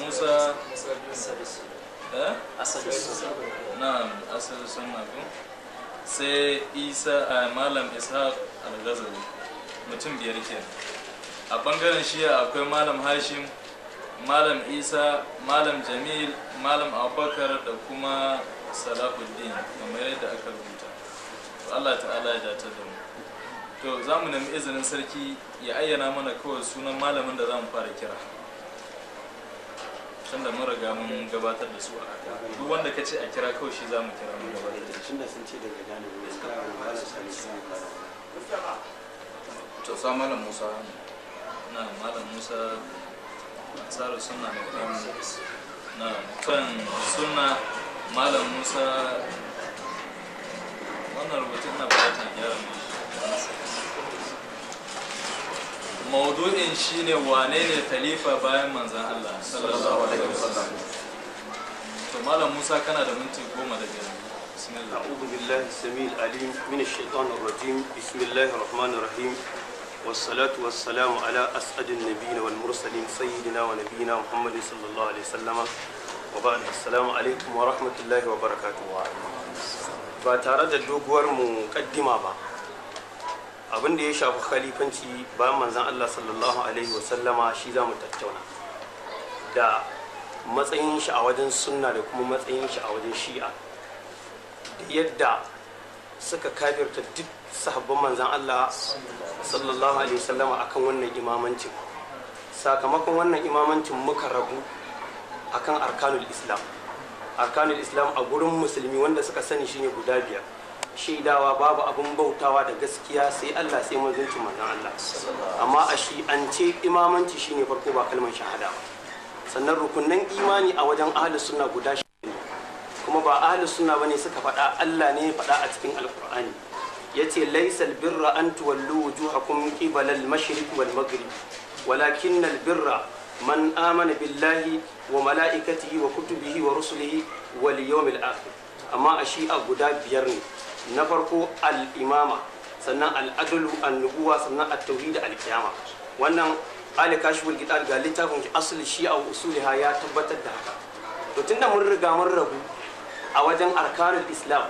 musa eh? na'am asali sunna ko sai isa a malam ishaq al-ghazali mutum biyar kenan a bangaren shiya akwai malam hashim malam isa malam jamil malam abubakar da kuma salahuddin kamar yadda aka rubuta allah ta'ala ya jata da mu to za mu nemi izinin sarki ya ayyana mana kawai sunan malamin da za mu fara kira tunda mun riga mun gabatar da su a haka duk wanda ka ce a kira kawai shi za mu kira mu gabatar da shi sun ce daga gane ne suka fara sani su fara to sa malam Musa na malam Musa tsara suna na kan na kan suna malam Musa wannan rubutun na bukatar gyara ne maudu'in shine wane ne khalifa bayan الله صلى الله عليه وسلم to malam Musa kana da minti goma da biyar بسم الله أعوذ بالله السميع العليم من الشيطان الرجيم بسم الله الرحمن الرحيم والصلاة والسلام على أسعد النبيين والمرسلين سيدنا ونبينا محمد صلى الله عليه وسلم وبعد السلام عليكم ورحمة الله وبركاته ba tare da doguwar mu kaddima ba abin da ya shafi khalifanci bayan manzan Allah sallallahu alaihi wasallama shi za mu tattauna da matsayin shi a wajen sunna da kuma matsayin shi a wajen shi'a da yadda suka kafirta duk sahabban manzan Allah sallallahu alaihi wasallama akan wannan imamancin sakamakon wannan imamancin muka rabu akan arkanul islam arkanul islam a gurin musulmi wanda suka sani shine guda biyar shaidawa babu abin bautawa da gaskiya sai Allah sai manzanci manzon Allah amma a shi an ce imamanci shine farko ba kalmar shahada ba sannan rukunin imani a wajen ahli sunna guda shi ne kuma ba ahli sunna bane suka faɗa Allah ne ya faɗa a cikin alkur'ani yace laysal birra an tuwallu wujuhakum qibala al-mashriq wal maghrib walakin al-birra man amana billahi wa mala'ikatihi wa kutubihi wa rusulihi wal yawmil akhir amma a shi'a guda biyar ne na farko Al'imama sannan Al'adalu adalu an sannan a tauhid alkiyama wannan ali gida ga littafin asali shi a usuliha ya tabbatar da haka to tunda mun riga mun rabu a wajen arkanul islam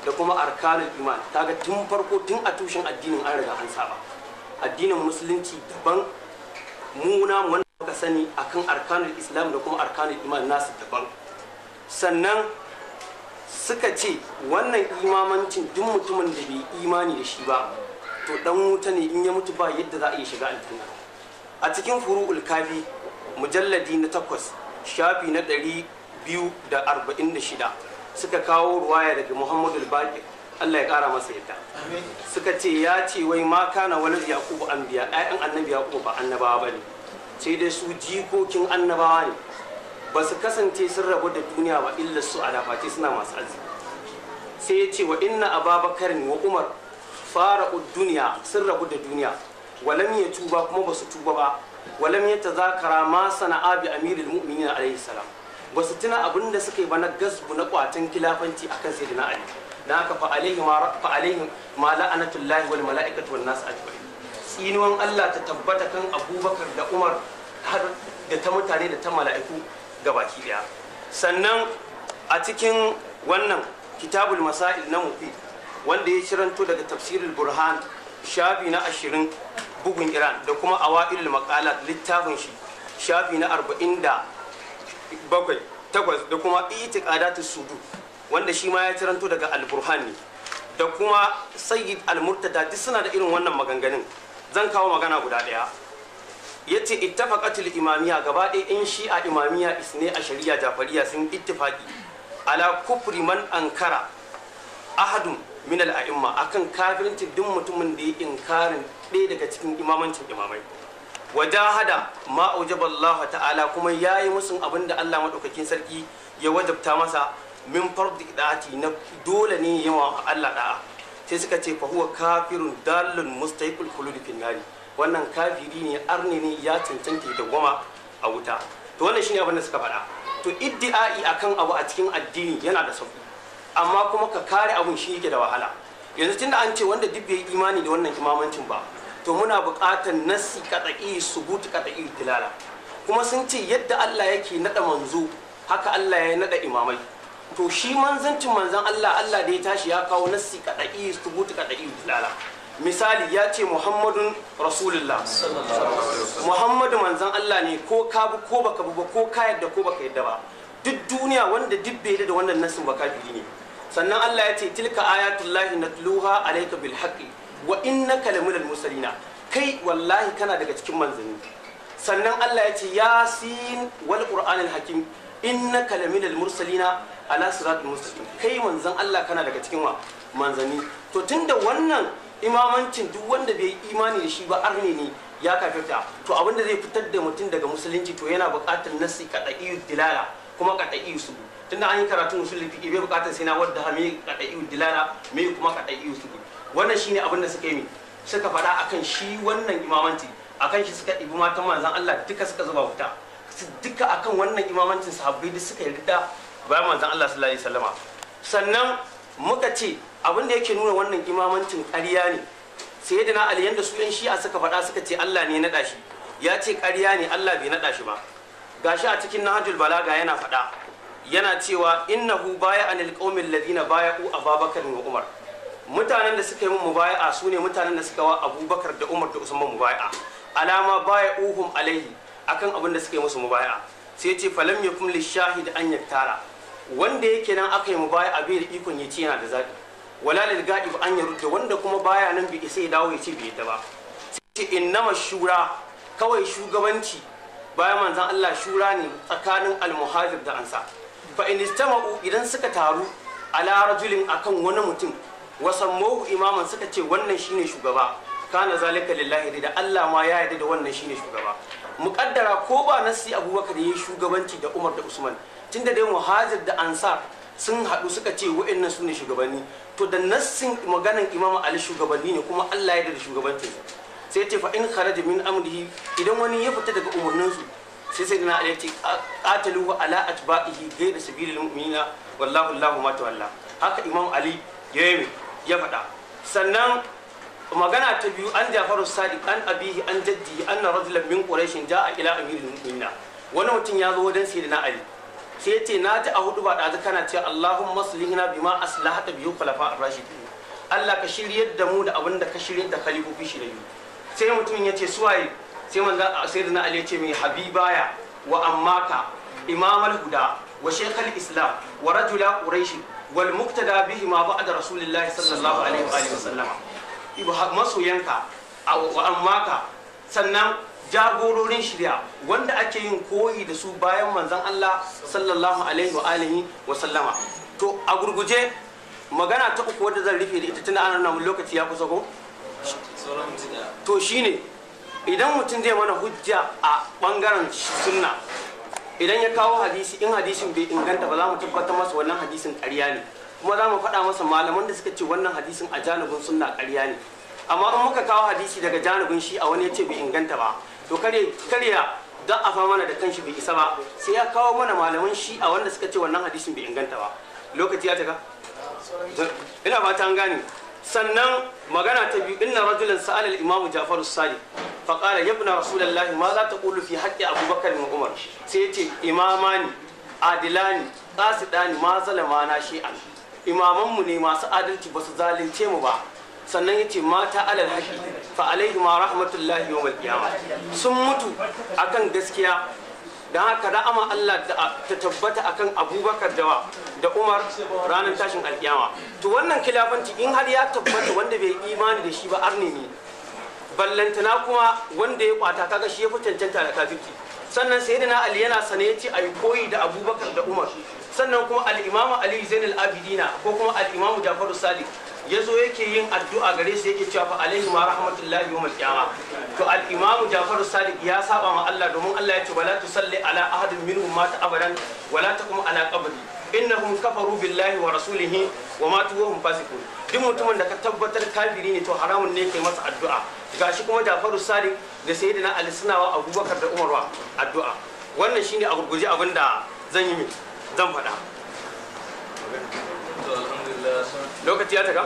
da kuma arkanul iman kaga tun farko tun a tushen addinin an riga an saba addinin musulunci daban muna wanda muka sani akan arkanul islam da kuma arkanul iman nasu daban sannan suka ce wannan imamancin duk mutumin da bai imani da shi ba to dan wuta ne in ya mutu ba yadda za a yi shiga aljanna a cikin furu'ul kafi mujalladi na takwas shafi na ɗari biyu da arba'in da shida suka kawo ruwaya daga muhammadu baƙir allah ya kara masa yadda suka ce ya ce wai ma kana yaƙubu an biya ɗayan annabi yaƙubu ba annabawa bane sai dai su jikokin annabawa ne ba su kasance sun rabu da duniya ba illa su alafati suna masu arziki sai ya ce wa inna ababakar wa umar fara duniya sun rabu da duniya walam ya tuba kuma ba su tuba ba walam ya tazakara ma sana'a bi amirul mu'minin alaihi salam ba su tuna abin da suka yi ba na gasbu na kwatin kilafanci akan sayyidina ali da haka fa alaihim fa ma la'anatullahi wal mala'ikatu wan nas ajma'in tsinuwan Allah ta tabbata kan Abubakar da Umar har da ta mutane da ta mala'iku ga baki daya sannan a cikin wannan kitabul masail na mufid wanda ya ciranto daga tafsirul burhan shafi na ashirin bugun iran da kuma awa'il maqalat littafin shi shafi na arba'in da bakwai takwas da kuma itiqadatus sudu wanda shi ma ya ciranto daga al-burhan ne da kuma sayyid al-murtada duk suna da irin wannan maganganun zan kawo magana guda ɗaya yace ittafaqatul imamiyya gaba in shi'a imamiyya isne a shari'a jafariya sun ittifaqi ala kufri man ankara ahadun min al'a'imma akan kafirci duk mutumin da ya inkarin ɗaya daga cikin imamancin imamai wajahada ma aujaba ta'ala kuma yayi musun abin da Allah maɗaukakin sarki ya wajabta masa min fardi da'ati na dole ne yawa Allah ɗa'a sai suka ce fa huwa kafirun dalun mustahiqul khulud da nari wannan kafiri ne arni ne ya cancanta da goma a wuta to wannan shine abin da suka faɗa to iddi'ai akan abu a cikin addini yana da sauki amma kuma ka kare abun shi yake da wahala yanzu tunda an ce wanda duk bai imani da wannan imamancin ba to muna buƙatar nasi katsa'i subutu katsa'i tilala kuma sun ce yadda Allah yake nada manzo haka Allah ya nada imamai to shi manzancin manzan Allah Allah da ya tashi ya kawo nasi kadai subutu kadai tilala misali ya ce muhammadun rasulullah muhammadu manzan allah ne ko ka bi ko baka bi ba ko ka yadda ko baka yadda ba duk duniya wanda duk bai da wannan nasin baka biyu ne sannan allah ya ce tilka ayatullahi natluha alayka bil haqqi wa innaka laminal musalina kai wallahi kana daga cikin manzanni sannan allah ya ce yasin wal qur'anil hakim innaka laminal musalina ala siratul mustaqim kai manzan allah kana daga cikin manzanni to tunda wannan imamancin duk wanda bai imani da shi ba arne ne ya kafirta to abin da zai fitar da mutum daga musulunci to yana buƙatar nasi kaɗa'i dilala kuma kaɗa'i su tunda an yi karatun usul fiqi bai buƙatar sai na wadda ha mai kaɗa'i dilala me kuma kaɗa'i su wannan shine abin da suka yi suka faɗa akan shi wannan imamanci akan shi suka ɗibi matan manzon Allah duka suka zuba wuta duka akan wannan imamancin sahabbai duk suka yarda bayan manzon Allah sallallahu alaihi wasallama sannan muka ce abin da yake nuna wannan imamancin ƙarya ne sai da na aliyan da su yan shi'a suka faɗa suka ce Allah ne naɗa shi ya ce ƙarya ne Allah bai naɗa shi ba gashi a cikin nahajul balaga yana faɗa yana cewa innahu baya anil qaumil ladina baya'u ababakar wa umar mutanen da suka yi mun mubaya'a su ne mutanen da suka wa abubakar da umar da usman mubaya'a alama baya baya'uhum alaihi akan abin da suka yi musu mubaya'a sai ce falam yakum lishahid an yaktara wanda yake nan aka yi mu baya a da ikon ya ci yana da zaɓi wala lil ga'ib an ya rudda wanda kuma baya nan bai sai dawo ya ci bai yadda ba sai innama shura kawai shugabanci bayan manzan Allah shura ne tsakanin almuhajir da ansa fa in istama'u idan suka taru ala rajulin akan wani mutum wasan wasammahu imaman suka ce wannan shine shugaba kana zalika lillahi da Allah ma ya yarda da wannan shine shugaba muƙaddara ko ba nasi abubakar ya yi shugabanci da umar da usman tunda dai muhajir da ansar sun haɗu suka ce wa'annan su ne shugabanni to da nassin maganan imama ali shugabanni ne kuma allah ya da shugabanci sai ce fa in kharaja min amrihi idan wani ya fita daga umarninsu sai sai dana ali ya ce wa ala atba'ihi ghayra sabilil mu'minina wallahu allahu ma tawalla haka imam ali ya yi ya faɗa sannan magana ta biyu an jafaru sadiq an abihi an jaddi anna rajulan min quraish jaa ila amiril mu'minin wani mutum ya zo wajen sayyidina ali sai yace ce na ji a hudu ba da kana ce allahumma aslihna bima aslahata biyu khulafa ar-rashidin Allah ka shirya da mu da abin da ka shiryar da khalifofi shi da biyu sai mutumin ya ce waye sai manzo sayyidina ali ya ce mai habibaya wa ammaka imamar huda wa shaykh islam wa rajula quraish wal muqtada bihi ma ba'da rasulillahi sallallahu alaihi wa sallam masoyanka a maka sannan jagororin shirya wanda ake yin koyi da su bayan Manzan Allah sallallahu alaihi wa alihi wa sallama to a gurguje magana ta uku wadda zan rufe da ita tana ana nan lokaci ya kusa ko to shine idan mutum zai mana hujja a bangaren sunna idan ya kawo hadisi in hadisin bai inganta ba za mu tabbatar masa wannan hadisin ƙarya ne kuma za mu faɗa masa malaman da suka ce wannan hadisin a janibin sunna ƙarya ne amma in muka kawo hadisi daga janibin shi a wani ya ce bai inganta ba to karya don a fa mana da kanshi bai isa ba sai ya kawo mana malaman shi a wanda suka ce wannan hadisin bai inganta ba lokaci ya taka ina fata an gane sannan magana ta biyu inna rajulan sa'al al-imamu Ja'far as-Sadiq fa qala ya ibn rasulullahi ma za qulu fi haqqi Abubakar ibn Umar sai yace imamani adilani qasidani ma na shi'a imamanmu ne masu adalci ba su zalunce mu ba sannan ya ce mata alal haƙi fa alaihi ma rahmatullahi wa malkiyama sun mutu akan gaskiya da haka ama Allah ta tabbata akan abubakar dawa da umar ranar tashin alkiyama to wannan kilafanci in har ya tabbata wanda bai imani da shi ba arni ne ballantana kuma wanda ya kwata kaga shi ya fi cancanta da kafirci sannan sai na ali yana sane ya ce a yi koyi da abubakar da umar sannan kuma al-imamu ali zainul abidina ko kuma al jafaru jafaru sadiq zo yake yin addu'a gare su yake cewa fa alaihi ma rahmatullahi wa qiyama to al-imamu jafaru sadiq ya saba ma Allah domin Allah ya ce wala salli ala ahadin minhum mata abadan wala taqum ala qabri innahum kafaru billahi wa rasulihi wa matu wa hum fasiqun duk mutumin da ka tabbatar kafiri ne to haramun ne kai masa addu'a gashi kuma Jafaru Sadiq da Sayyidina Ali suna wa Abubakar da Umar wa addu'a wannan shine a gurguje abinda zan yi miki zan faɗa lokaci ya taga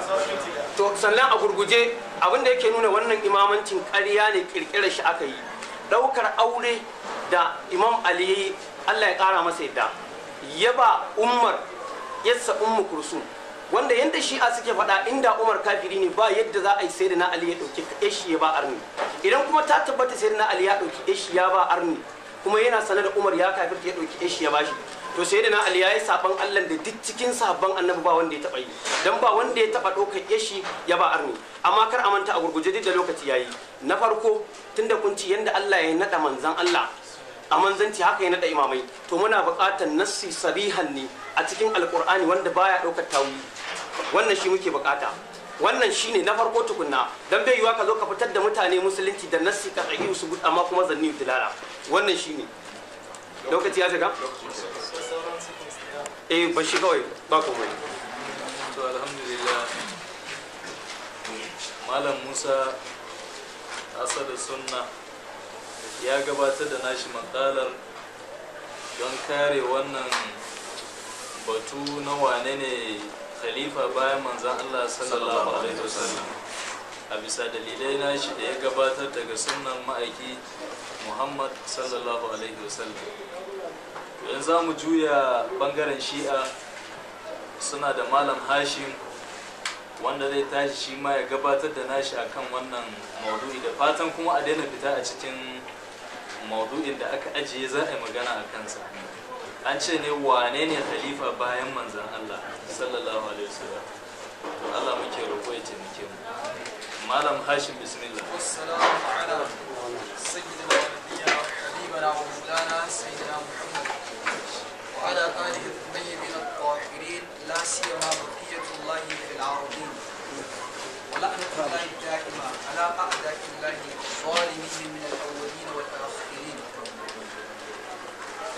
to sannan a gurguje abinda yake nuna wannan imamancin ƙarya ne ƙirƙirar shi aka yi ɗaukar aure da imam ali allah ya ƙara masa yadda ya ba umar yassa ummu kursu wanda yadda shi a suke faɗa inda umar kafiri ne ba yadda za a yi sai da na ali ya ɗauki shi ya ba arni idan kuma ta tabbata sai da na ali ya ɗauki shi ya ba arni kuma yana sanar da umar ya kafirta ya ɗauki shi ya ba shi to sai da na ali yi sabon Allah da duk cikin sabon annabi ba wanda ya taba yi don ba wanda ya taba ɗaukar yashi ya ba arni amma kar a manta a gurguje duk da lokaci ya yi na farko tunda kun ci yadda Allah ya naɗa manzan Allah a manzanci haka ya naɗa imamai to muna buƙatar nassi sarihan ne a cikin alƙur'ani wanda baya ɗaukar tawi wannan shi muke buƙata wannan shi ne na farko tukunna don bai yiwa ka zo ka fitar da mutane musulunci da nassi ka tsayi su amma kuma zanni dilala wannan shi ne. lokaci ya shiga eh ba shi kawai ba komai to alhamdulillah malam musa asada sunna ya gabatar da nashi makalar don kare wannan batu na wane ne khalifa bayan manzan allah sallallahu alaihi wasallam bisa dalilai na shi da ya gabatar daga sunan ma'aiki muhammad sallallahu alaihi wasallam yanzu za mu juya bangaren shi'a suna da malam hashim wanda zai tashi shi ma ya gabatar da nashi akan wannan maudu'i da fatan kuma a daina fita a cikin maudu'in da aka ajiye za a yi magana a kansa an ce ne wane ne khalifa bayan manzan Allah sallallahu alaihi wasallam to Allah muke roƙo ya taimake mu مالم هاشم بسم الله والسلام على سيدنا ونبينا وحبيبنا ومولانا سيدنا محمد وعلى اله الطيبين الطاهرين لا سيما بقيه الله في العارضين ولعنه الله الدائمه على اعداء الله الظالمين من الاولين والاخرين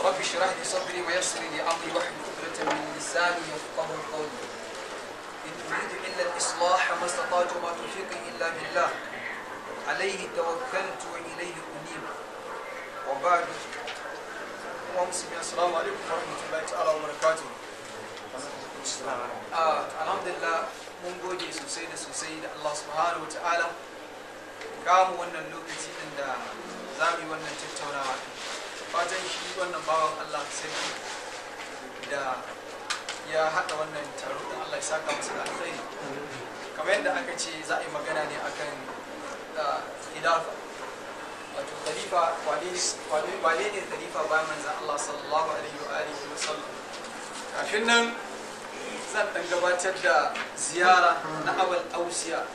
رب اشرح لي صدري ويسر لي امري واحلل عقده من لساني يفقه قولي إن تريد إلا الإصلاح ما استطعت وما توفيقي إلا بالله عليه توكلت وإليه أنيب وبعد ومسلمين السلام عليكم ورحمة الله تعالى وبركاته alhamdulillah mun goge sosai da sosai da Allah subhanahu wa ta'ala kamu wannan lokaci din da za mu yi wannan tattaunawa fatan shi wannan bawan Allah sai da ya haɗa wannan taro da Allah ya saka masa da alkhairi kamar yadda aka ce za a yi magana ne akan khilafa wato khalifa wane ne khalifa ba manzan Allah sallallahu alaihi wa alihi wa sallam kafin nan zan dan gabatar da ziyara na abal ausiya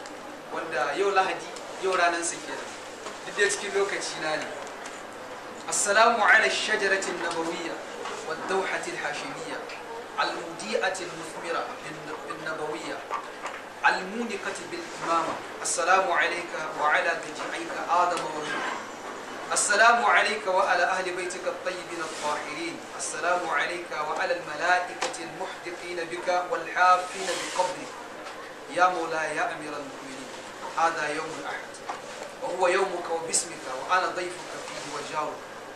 wanda yau lahadi yau ranar sa kenan duk da cikin lokaci na ne assalamu ala shajaratin nabawiyya wa dawhatil hashimiyya المديئة المثمرة بالنبوية المونقة بالإمامة السلام عليك وعلى تجيعيك آدم ونوح السلام عليك وعلى أهل بيتك الطيبين الطاهرين السلام عليك وعلى الملائكة المحدقين بك والحافين بقبرك يا مولاي يا أمير المؤمنين هذا يوم الأحد وهو يومك وباسمك وأنا ضيفك فيه وجارك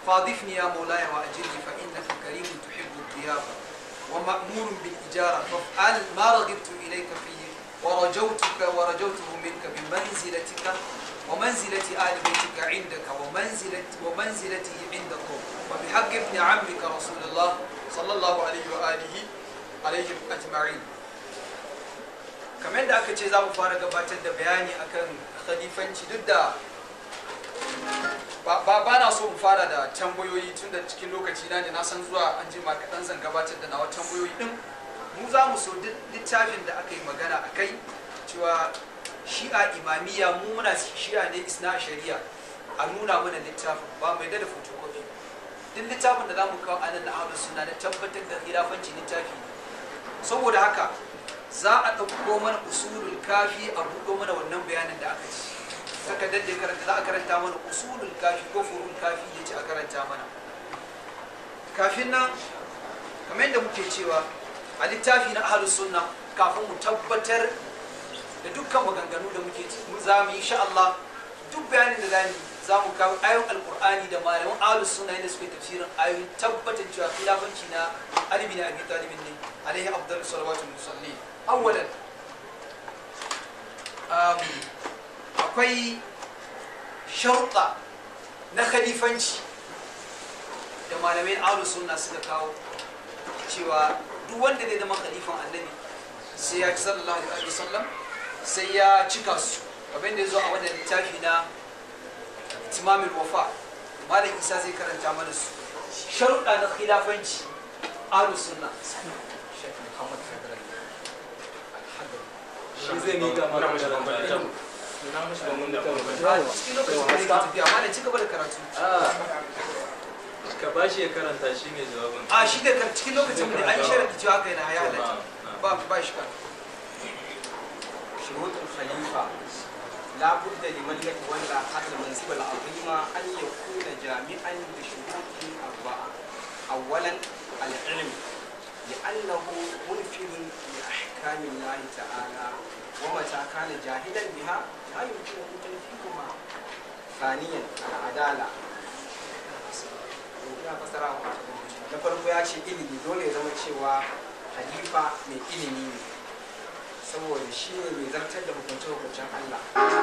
فاضفني يا مولاي وأجلني فإنك كريم تحب الضيافة ومأمور بالإجارة فافعل ما رغبت إليك فيه ورجوتك ورجوته منك بمنزلتك ومنزلة آل بيتك عندك ومنزلة ومنزلته عندكم وبحق ابن عمك رسول الله صلى الله عليه وآله عليهم أجمعين كمان yadda aka ce za mu fara gabatar da bayani akan ba na so in fara da tambayoyi tun da cikin lokaci na ne na san zuwa an jima kaɗan zan gabatar da nawa tambayoyi din mu za mu so duk littafin da aka yi magana a kai cewa shi'a imamiyya mu muna shi'a ne isna shari'a a nuna mana littafin ba mai da fotokofi duk littafin da za mu kawo anan na ahlus sunna na tabbatar da hirafanci littafi ne saboda haka za a ɗauko mana usulul kafi a buɗo mana wannan bayanin da aka ci takardar da ya karanta za a karanta mana usulul kafi ko furul kafi ya ce a karanta mana kafin nan kamar yadda muke cewa a littafi na ahlus sunna kafin mu tabbatar da dukkan maganganu da muke za mu yi sha Allah duk bayanin da zamu za mu kawo ayoyin alkur'ani da malaman ahlus sunna yadda suke tafsirin ayoyin tabbatar cewa khilafanci na Ali bin Abi Talib ne alaihi afdalus salawatu musalli awwalan um, akwai sharuɗa na khalifanci da malamai ahlus sunna suka kawo cewa duk wanda zai zama khalifan annabi sai ya ci sallallahu alaihi Sallam sai ya cika su abin da ya zo a wannan littafi na timamin wafa malam isa zai karanta mana su sharuɗa na khilafanci ahlus sunna shi zai ni da na mashi da mun da kuma cikin lokacin da yake tafiya amma da ci gaba da karatu ka bashi ya karanta shi ne jawabin a shi da cikin lokacin da an sharanta cewa haka yana ya halatta ba ba shi kan شروط الخليفة لا بد لمن يتولى هذا المنصب العظيم أن يكون جامعا بشروط أربعة أولا العلم لأنه منفر لأحكام الله تعالى ومتى كان جاهلا بها لا يمكنه تنفيذها ثانيا العدالة ya ce ilimi dole ya zama cewa halifa mai shi ne mai zartar da hukuncin hukuncin Allah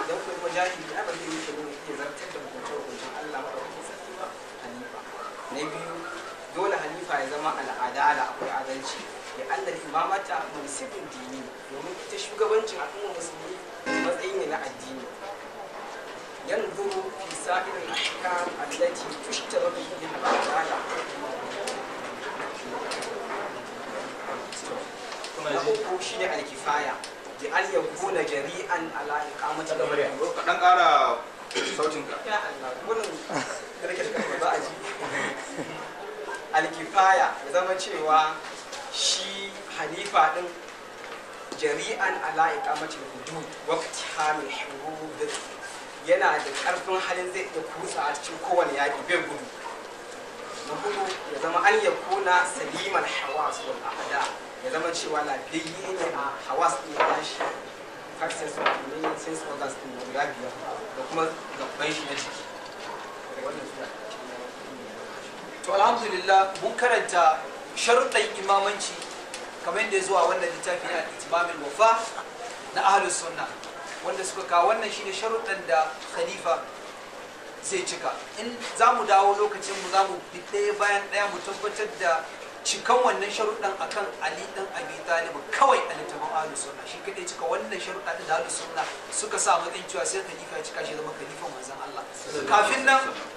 don kuma kuma ke nuna iya zartar da hukuncin hukuncin Allah ba da ba na biyu dole halifa ya zama al'adala akwai adalci da allah imamata munsifin dini domin ita shugabancin al'ummar musulmi matsayi ne na addini yan yanzu fi sa'irin ahkam allati tushtara bihi na abubu shi ne alkifaya da an yakuna jari'an ala iqamati da kadan kara sautinka ya allah gaya ya zama cewa shi hanifa din jari'an ala'ika mace hudud wakati hamil hudud yana da karfin halin zai iya kusa a cikin kowane yaki bai gudu na hudu ya zama an ya kuna saliman hawas wal ahada ya zama cewa lafiyayye ne a hawas ne ya shi access of the sense organs din da kuma gaban shi na ciki to alhamdulillah mun karanta sharuɗan imamanci kamar da zuwa wannan littafi na itimamin wafa na ahlus sunna wanda suka kawo wannan shine sharuɗan da khalifa zai cika in za mu dawo lokacin mu za mu bi ɗaya bayan ɗaya mu tabbatar da cikan wannan sharuɗan akan ali ɗan abi talib kawai a littafin ahlus sunna shi kadai cika wannan sharuɗa da ahlus sunna suka sa matsayin cewa sai khalifa ya cika shi zama khalifan manzon Allah kafin nan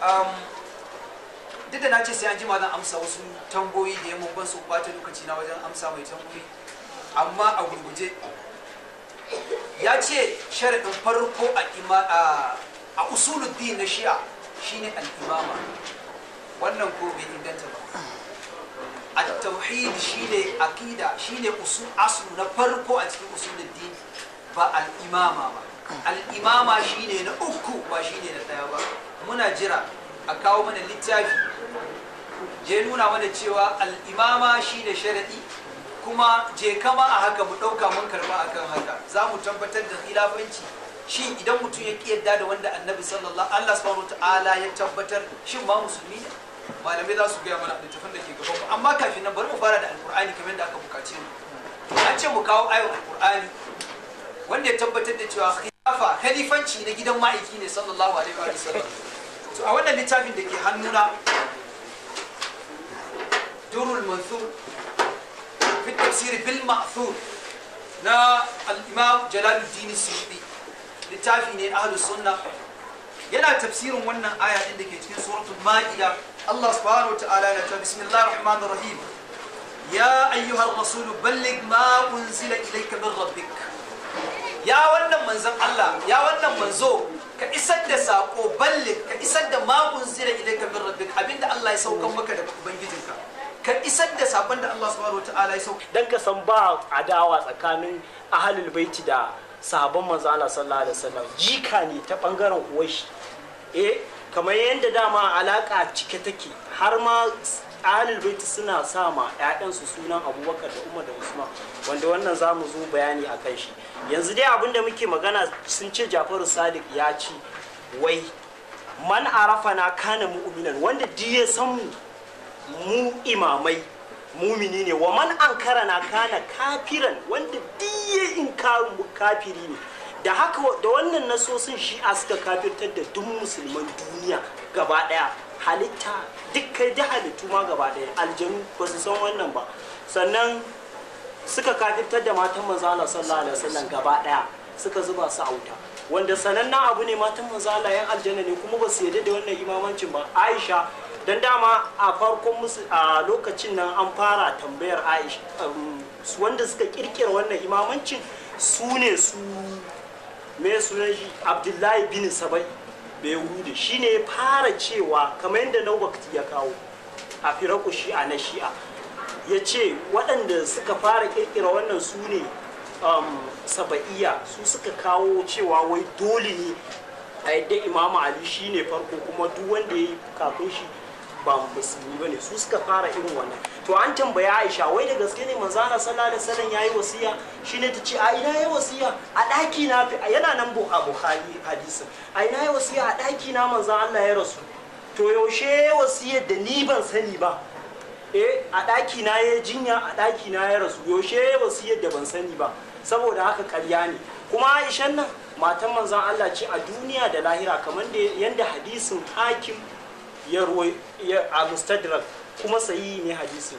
Um, duk da na ce sai an jima zan amsa wasu tamboyi da yamma ban su bata lokaci na wajen amsa mai tamboyi amma a gurguje ya ce sharaɗin farko a din na shi'a shine al'imama wannan ko bai inganta ba a tauhid shine akida shine usul asu na farko a cikin usuluddin ba al'imama ba al'imama shine na uku ba shine na ɗaya ba muna jira a kawo mana littafi je nuna mana cewa al'imama shi ne sharaɗi kuma je kama a haka mu ɗauka mun karba a kan haka za mu tabbatar da khilafanci shin idan mutum ya yadda da wanda annabi sallallahu allah subhanahu ta'ala ya tabbatar shin ma musulmi ne malamai za su gaya mana da littafin da ke gaban mu amma kafin nan bari mu fara da alkur'ani kamar yadda aka bukace mu an ce mu kawo ayon alkur'ani wanda ya tabbatar da cewa afa kalifanci na gidan ma'aiki ne sallallahu alaihi wa sallam a wannan littafin da ke hannuna durul manthur fi tafsir bil ma'thur na al-imam jalaluddin suyuti littafi ne ahlu sunna yana tafsirin wannan aya din da ke cikin suratul ma'ida Allah subhanahu wataala ya ta bismillahir rahmanir rahim ya ayyuhar rasul balligh ma unzila ilayka min rabbika ya wannan manzon Allah ya wannan manzo ka isar da sako balle ka isar da magun zira idan ka min rabbik abinda Allah ya saukan maka da ubangijinka ka isar da sakon da Allah subhanahu wataala ya sauka dan ka san ba adawa tsakanin ahlul baiti da sahabban manzo Allah sallallahu alaihi wasallam jika ne ta bangaren uwar shi eh kamar yadda dama alaka cike take har ma ahalul baiti suna sa ma ƴaƴansu sunan abubakar da umar da usman wanda wannan zamu zo bayani akan shi yanzu dai abin da muke magana sun ce jafaru sadiq ya ci wai man arafa na kana mu'minan wanda duk ya san mu imamai mumini ne wa man ankara na kana kafiran wanda duk ya inkarin kafiri ne da haka da wannan nasosin shi a suka kafirtar da duk musulman duniya gaba daya halitta duk kai da halittu ma gaba daya aljanu ba su san wannan ba sannan suka kafirtar da matan manzo Allah sallallahu alaihi wasallam gaba daya suka zuba su a wuta wanda sanannen abu ne matan manzo Allah yan aljanna ne kuma ba su yarda da wannan imamancin ba Aisha dan dama a farkon musu a lokacin nan an fara tambayar Aisha um, wanda suka kirkira wannan imamancin su ne su me sunan shi Abdullahi bin Sabai bai hude shi ne fara cewa kamar yadda na ya kawo a firaku shi'a na shi'a ya ce waɗanda suka fara ƙirƙira wannan su ne um, saba'iya su suka kawo cewa wai dole ne a yadda imamu ali shi ne farko kuma duk wanda ya yi kafin shi ba musulmi bane su suka fara irin wannan to an tambaya Aisha wai da gaske ne manzo Allah sallallahu alaihi wasallam yayi wasiya shine ta ce a ina yayi wasiya a daki na yana nan bu Abu Khali hadisin a ina yayi wasiya a daki na manzo Allah ya rasu to yaushe wasiya da ni ban sani ba eh a daki na ya jinya a daki na ya rasu yaushe wasiya da ban sani ba saboda haka ƙarya ne kuma aisha nan matan manzon Allah ce a duniya da lahira kamar da yanda hadisin hakim ya ruwai a mustadrak kuma sayi ne hadisi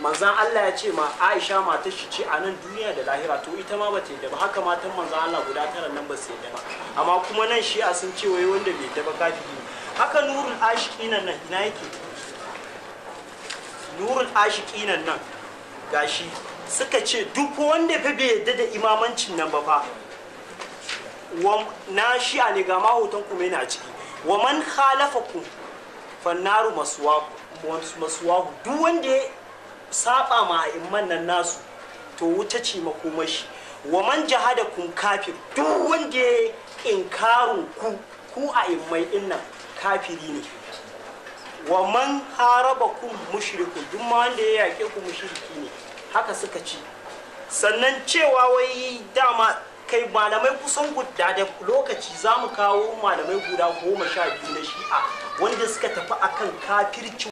manzan Allah ya ce ma Aisha matar shi ce a nan duniya da lahira to ita ma bata yadda ba haka matan manzan Allah guda tara nan ba su yadda ba amma kuma nan a sun ce wai wanda bai yadda ba ne haka nurul ashiqina nan ina yake nurul ashiqina nan gashi suka ce duk wanda fa bai yadda da imamancin nan ba fa na shi'a ne ga mahotan kuma yana ciki wa man khalafakum fannaru masuwahu masuwahu duk wanda ya saba ma imman nan nasu to wuta ce makomashi wa man jahada kun kafir duk wanda ya karu ku ku a'immai din nan kafiri ne wa man haraba kun mushriku duk ma wanda ya yaƙe ku mushriki ne haka suka ci sannan cewa wai dama kai malamai kusan guda da lokaci za mu kawo malamai guda goma sha biyu na shi'a wanda suka tafi akan kafirci